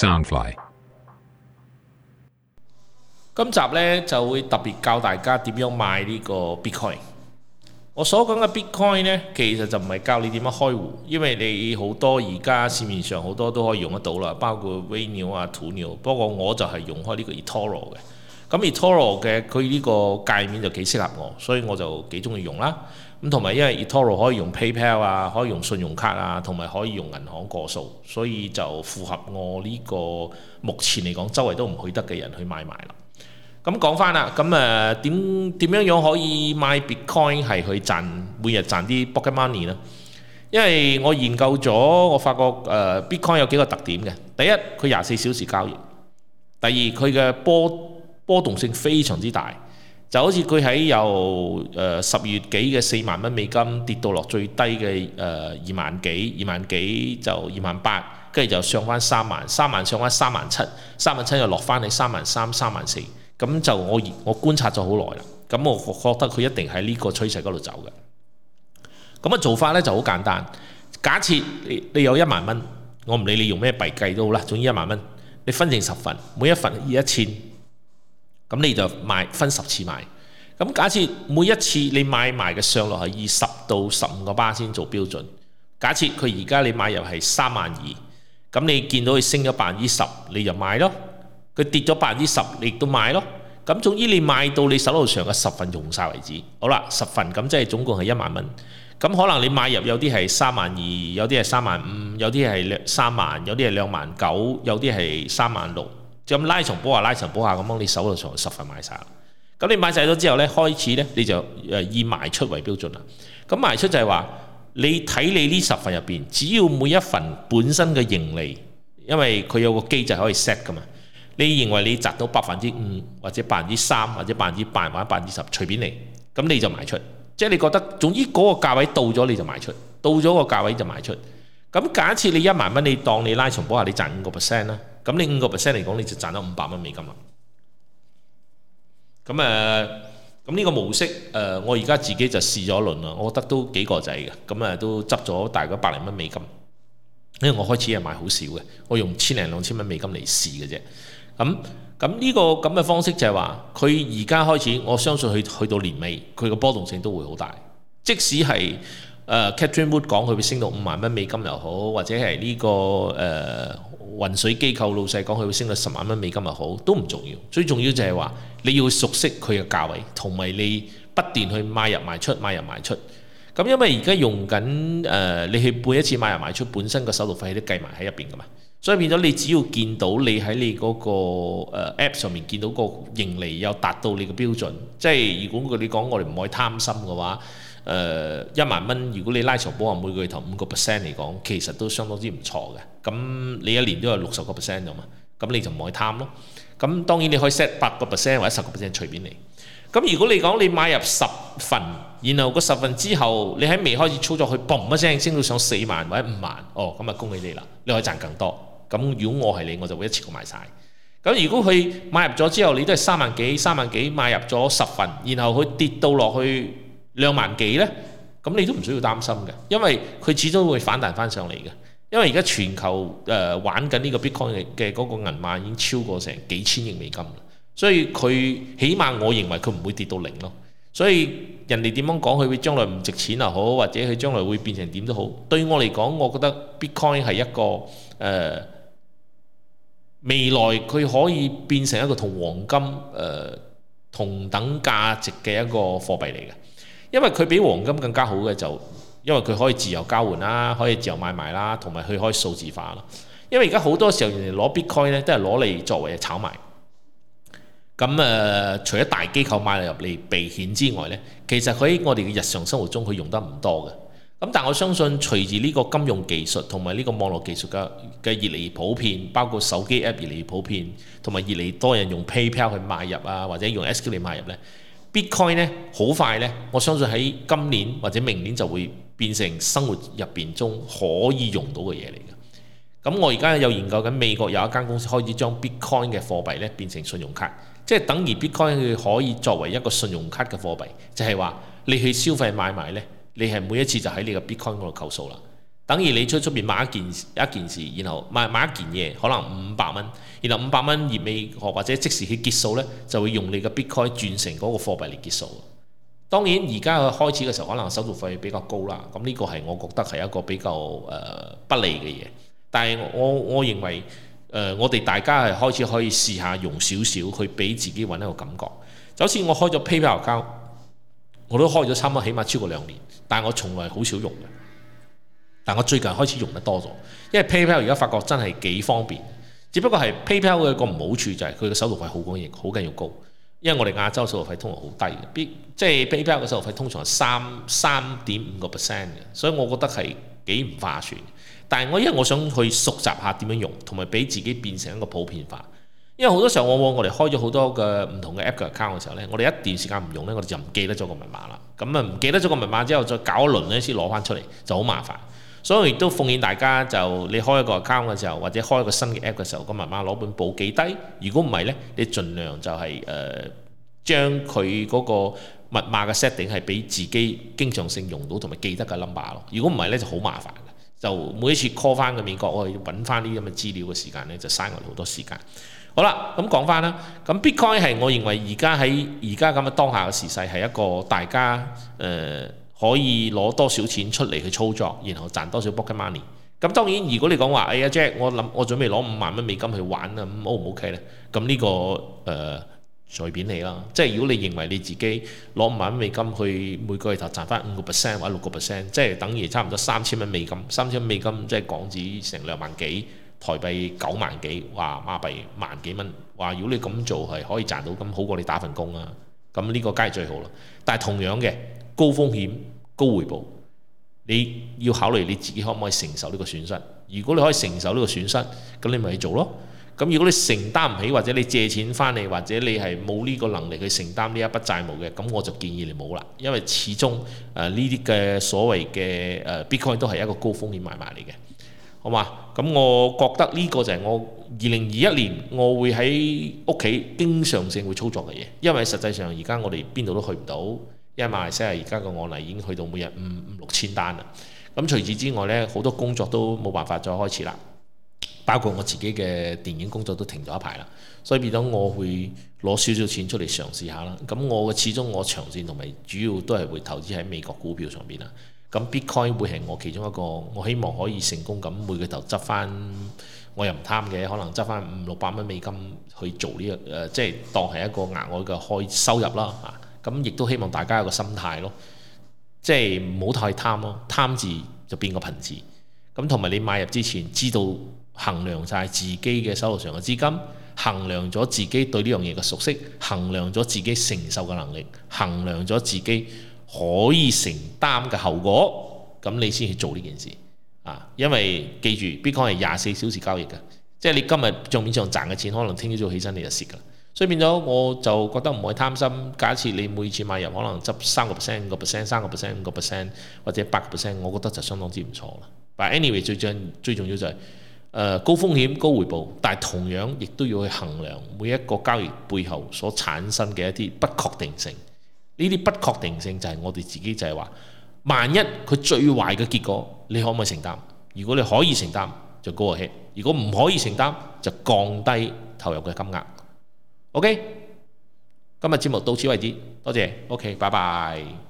Soundfly. 今集呢，就會特別教大家點樣買呢個 Bitcoin。我所講嘅 Bitcoin 呢，其實就唔係教你點樣開戶，因為你好多而家市面上好多都可以用得到啦，包括 v 鳥啊、土鳥。不過我就係用開呢個 Etoro 嘅。咁 Etoro 嘅佢呢個界面就幾適合我，所以我就幾中意用啦。咁同埋，因為 Etoro 可以用 PayPal 啊，可以用信用卡啊，同埋可以用銀行過數，所以就符合我呢個目前嚟講，周圍都唔去得嘅人去買賣啦。咁講翻啦，咁誒點點樣樣可以買 Bitcoin 係去賺每日賺啲 pocket money 呢？因為我研究咗，我發覺 Bitcoin 有幾個特點嘅。第一，佢廿四小時交易；第二，佢嘅波波動性非常之大。就好似佢喺由誒十月幾嘅四萬蚊美金跌到落最低嘅誒二萬幾二萬幾就二萬八，跟住就上翻三萬，三萬上翻三萬七，三萬七又落翻去三萬三三萬四，咁就我我觀察咗好耐啦，咁我覺得佢一定喺呢個趨勢嗰度走嘅。咁嘅做法呢就好簡單，假設你你有一萬蚊，我唔理你用咩幣計都好啦，總之一萬蚊，你分成十份，每一份一千。咁你就買，分十次買，咁假設每一次你買埋嘅上落係以十到十五個巴先做標準。假設佢而家你買入係三萬二，咁你見到佢升咗百分之十，你就買咯；佢跌咗百分之十，你亦都買咯。咁總之你買到你手度上手頭上嘅十份用曬為止。好啦，十份咁即係總共係一萬蚊。咁可能你買入有啲係三萬二，有啲係三萬五，有啲係兩三萬，有啲係兩萬九，有啲係三萬六。咁拉鬆波下拉鬆波下咁樣，你手度就十份買晒啦。咁你買晒咗之後呢，開始呢，你就誒以賣出為標準啦。咁賣出就係話，你睇你呢十份入邊，只要每一份本身嘅盈利，因為佢有個機制可以 set 噶嘛。你認為你賺到百分之五或者百分之三或者百分之八或者百分之十，隨便你，咁你就賣出。即係你覺得，總之嗰個價位到咗你就賣出，到咗個價位就賣出。咁假設你一萬蚊，你當你拉鬆波下，你賺五個 percent 啦。咁你五個 percent 嚟講，你就賺咗五百蚊美金啦。咁咁呢個模式我而家自己就試咗輪啦。我覺得都幾個仔嘅。咁都執咗大概百零蚊美金。因為我開始係買好少嘅，我用千零兩千蚊美金嚟試嘅啫。咁咁呢個咁嘅方式就係話，佢而家開始，我相信佢去，去到年尾，佢嘅波動性都會好大。即使係。誒 Catherine Wood 講佢會升到五萬蚊美金又好，或者係呢、這個誒、uh, 運水機構老細講佢會升到十萬蚊美金又好，都唔重要。最重要就係話你要熟悉佢嘅價位，同埋你不斷去買入賣出，買入賣出。咁因為而家用緊誒，uh, 你去背一次買入賣出，本身個手續費都計埋喺入邊噶嘛。所以變咗你只要見到你喺你嗰個 App 上面見到個盈利有達到你嘅標準，即、就、係、是、如果佢你講我哋唔可以貪心嘅話。誒、呃、一萬蚊，如果你拉長保行每個月投五個 percent 嚟講，其實都相當之唔錯嘅。咁你一年都有六十個 percent 咁嘛？咁你就唔可以貪咯。咁當然你可以 set 八個 percent 或者十個 percent 隨便你。咁如果你講你買入十份，然後個十份之後你喺未開始操作佢，嘣一聲升到上四萬或者五萬，哦咁啊恭喜你啦！你可以賺更多。咁如果我係你，我就會一次過買晒。咁如果佢買入咗之後，你都係三萬幾三萬幾買入咗十份，然後佢跌到落去，兩萬幾呢？咁你都唔需要擔心嘅，因為佢始終會反彈翻上嚟嘅。因為而家全球、呃、玩緊呢個 Bitcoin 嘅嗰個銀碼已經超過成幾千億美金，所以佢起碼我認為佢唔會跌到零咯。所以人哋點樣講，佢會將來唔值錢又好，或者佢將來會變成點都好，對我嚟講，我覺得 Bitcoin 係一個、呃、未來佢可以變成一個同黃金、呃、同等價值嘅一個貨幣嚟嘅。因為佢比黃金更加好嘅就，因為佢可以自由交換啦，可以自由買賣啦，同埋佢可以數字化啦。因為而家好多時候，人哋攞 Bitcoin 咧都係攞嚟作為炒賣。咁誒、呃，除咗大機構買嚟入嚟避險之外呢，其實喺我哋嘅日常生活中，佢用得唔多嘅。咁但我相信，隨住呢個金融技術同埋呢個網絡技術嘅嘅越嚟越普遍，包括手機 app 越嚟越普遍，同埋越嚟多人用 PayPal 去買入啊，或者用 SQ 去買入呢。Bitcoin 咧好快咧，我相信喺今年或者明年就會變成生活入面中可以用到嘅嘢嚟嘅。咁我而家有研究緊，美國有一間公司開始將 Bitcoin 嘅貨幣咧變成信用卡，即係等於 Bitcoin 佢可以作為一個信用卡嘅貨幣，就係話你去消費買賣咧，你係每一次就喺你個 Bitcoin 嗰度扣數啦。等於你出出面買一件一件事，然後買買一件嘢，可能五百蚊，然後五百蚊業未學或者即時去結數呢，就會用你嘅 Bitcoin 轉成嗰個貨幣嚟結數。當然而家開始嘅時候，可能手續費比較高啦。咁呢個係我覺得係一個比較誒、呃、不利嘅嘢。但係我我認為誒、呃，我哋大家係開始可以試下用少少去俾自己揾一個感覺。就好似我開咗 PayPal 交，我都開咗差唔多，起碼超過兩年，但係我從來好少用嘅。但我最近開始用得多咗，因為 PayPal 而家發覺真係幾方便，只不過係 PayPal 嘅一個唔好處就係佢嘅手續費好緊要，好緊要高。因為我哋亞洲手續費通常好低嘅，必即係 PayPal 嘅手續費通常係三三點五個 percent 嘅，所以我覺得係幾唔划算。但係我因為我想去熟習下點樣用，同埋俾自己變成一個普遍化。因為好多時候往往我哋開咗好多嘅唔同嘅 app 嘅 account 嘅時候咧，我哋一段時間唔用咧，我哋就唔記得咗個密碼啦。咁啊唔記得咗個密碼之後，再搞一輪咧先攞返出嚟就好麻煩。所以亦都奉勸大家就你開一個 account 嘅時候，或者開一個新嘅 app 嘅時候，個密碼攞本簿記低。如果唔係呢，你儘量就係、是、誒、呃、將佢嗰個密碼嘅 setting 係俾自己經常性用到同埋記得嘅 number 咯。如果唔係呢，就好麻煩嘅，就每一次 call 翻個美國去揾翻啲咁嘅資料嘅時間呢，就嘥我哋好多時間。好啦，咁講翻啦。咁 Bitcoin 係我認為而家喺而家咁嘅當下嘅時勢係一個大家誒。呃可以攞多少錢出嚟去操作，然後賺多少 pocket money？咁當然，如果你講話，哎呀，Jack，我諗我準備攞五萬蚊美金去玩啊，咁 O 唔 OK 咧？咁呢、這個誒在變隨便你啦。即係如果你認為你自己攞五萬蚊美金去每個月頭賺翻五個 percent 或者六個 percent，即係等於差唔多三千蚊美金，三千蚊美金即係港紙成兩萬幾，台幣九萬幾，哇，馬幣萬幾蚊。哇，如果你咁做係可以賺到，咁好過你打份工啊。咁呢個梗係最好啦。但係同樣嘅。高風險高回報，你要考慮你自己可唔可以承受呢個損失？如果你可以承受呢個損失，咁你咪去做咯。咁如果你承擔唔起，或者你借錢返嚟，或者你係冇呢個能力去承擔呢一筆債務嘅，咁我就建議你冇啦。因為始終誒呢啲嘅所謂嘅誒 Bitcoin 都係一個高風險買賣嚟嘅，好嘛？咁我覺得呢個就係我二零二一年我會喺屋企經常性會操作嘅嘢，因為實際上而家我哋邊度都去唔到。因為馬來西亞而家嘅案例已經去到每日五五六千單啦。咁除此之外呢，好多工作都冇辦法再開始啦。包括我自己嘅電影工作都停咗一排啦。所以變咗，我會攞少少錢出嚟嘗試下啦。咁我嘅始終我長線同埋主要都係會投資喺美國股票上邊啦。咁 Bitcoin 會係我其中一個，我希望可以成功咁每個頭執翻。我又唔貪嘅，可能執翻五六百蚊美金去做呢、這個誒、呃，即係當係一個額外嘅開收入啦嚇。咁亦都希望大家有個心態咯，即係唔好太貪咯，貪字就變個貧字。咁同埋你買入之前，知道衡量晒自己嘅手頭上嘅資金，衡量咗自己對呢樣嘢嘅熟悉，衡量咗自己承受嘅能力，衡量咗自己可以承擔嘅後果，咁你先去做呢件事啊。因為記住，Bitcoin 係廿四小時交易嘅，即係你今日賬面上賺嘅錢，可能聽朝早起身你就蝕㗎啦。所以變咗，我就覺得唔會貪心。假設你每次買入可能執三個 percent、五個 percent、三個 percent、五個 percent，或者八個 percent，我覺得就相當之唔錯啦。But anyway，最重最重要就係、是、誒、呃、高風險高回報，但係同樣亦都要去衡量每一個交易背後所產生嘅一啲不確定性。呢啲不確定性就係我哋自己就係話，萬一佢最壞嘅結果，你可唔可以承擔？如果你可以承擔，就 go ahead；如果唔可以承擔，就降低投入嘅金額。OK，今日節目到此為止，多謝。OK，拜拜。